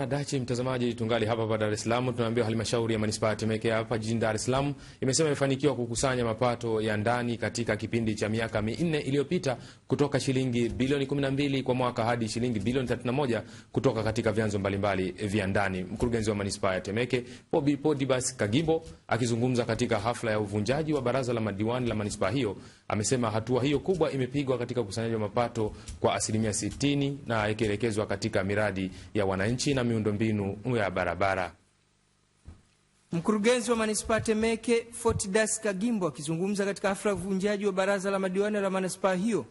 Nadachi mtazamaji, tungali hapa hapa Dar es Salaam. Tunaambiwa halmashauri ya manispaa ya Temeke hapa jijini Dar es Salaam imesema imefanikiwa kukusanya mapato ya ndani katika kipindi cha miaka minne iliyopita kutoka shilingi bilioni 12 kwa mwaka hadi shilingi bilioni 31 kutoka katika vyanzo mbalimbali vya ndani. Mkurugenzi wa manispaa ya Temeke Pobi Podibas Kagimbo akizungumza katika hafla ya uvunjaji wa baraza la madiwani la manispaa hiyo amesema hatua hiyo kubwa imepigwa katika ukusanyaji wa mapato kwa asilimia 60 na ikielekezwa katika miradi ya wananchi na miundombinu ya barabara. Mkurugenzi wa manispaa Temeke Fortidas Kagimbo akizungumza katika hafla ya uvunjaji wa baraza la madiwani la manispaa hiyo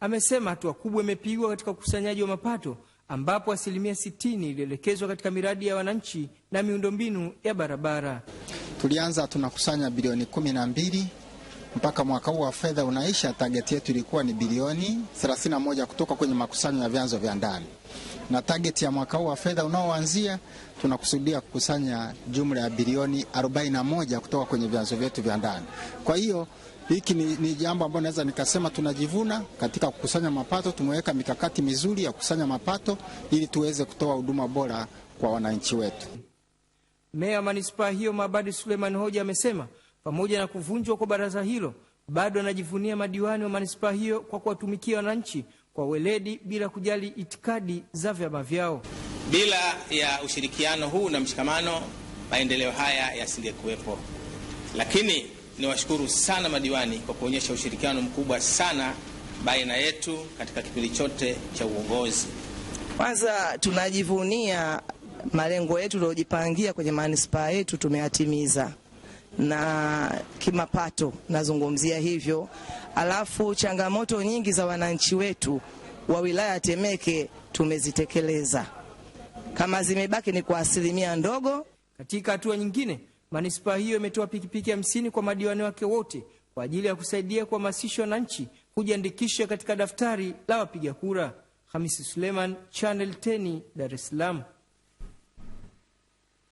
amesema hatua kubwa imepigwa katika ukusanyaji wa mapato ambapo asilimia 60 ilielekezwa katika miradi ya wananchi na miundombinu ya barabara. Tulianza tunakusanya bilioni kumi na mbili mpaka mwaka huu wa fedha unaisha, target yetu ilikuwa ni bilioni 31 kutoka kwenye makusanyo ya vyanzo vya ndani, na target ya mwaka huu wa fedha unaoanzia tunakusudia kukusanya jumla ya bilioni 41 kutoka kwenye vyanzo vyetu vya ndani. Kwa hiyo hiki ni, ni jambo ambalo naweza nikasema tunajivuna katika kukusanya mapato. Tumeweka mikakati mizuri ya kukusanya mapato ili tuweze kutoa huduma bora kwa wananchi wetu. Meya wa manispaa hiyo Mabadi Suleiman Hoja amesema pamoja na kuvunjwa kwa baraza hilo, bado anajivunia madiwani wa manispaa hiyo kwa kuwatumikia wananchi kwa weledi bila kujali itikadi za vyama vyao. Bila ya ushirikiano huu na mshikamano, maendeleo haya yasingekuwepo. Lakini niwashukuru sana madiwani kwa kuonyesha ushirikiano mkubwa sana baina yetu katika kipindi chote cha uongozi. Kwanza tunajivunia malengo yetu tuliojipangia kwenye manispaa yetu tumeyatimiza na kimapato, nazungumzia hivyo. Alafu changamoto nyingi za wananchi wetu wa wilaya ya Temeke tumezitekeleza, kama zimebaki ni kwa asilimia ndogo. Katika hatua nyingine, manispaa hiyo imetoa pikipiki hamsini kwa madiwani wake wote kwa ajili ya kusaidia kuhamasisha wananchi kujiandikisha katika daftari la wapiga kura. Hamisi Suleiman, Channel 10, Dar es Salaam.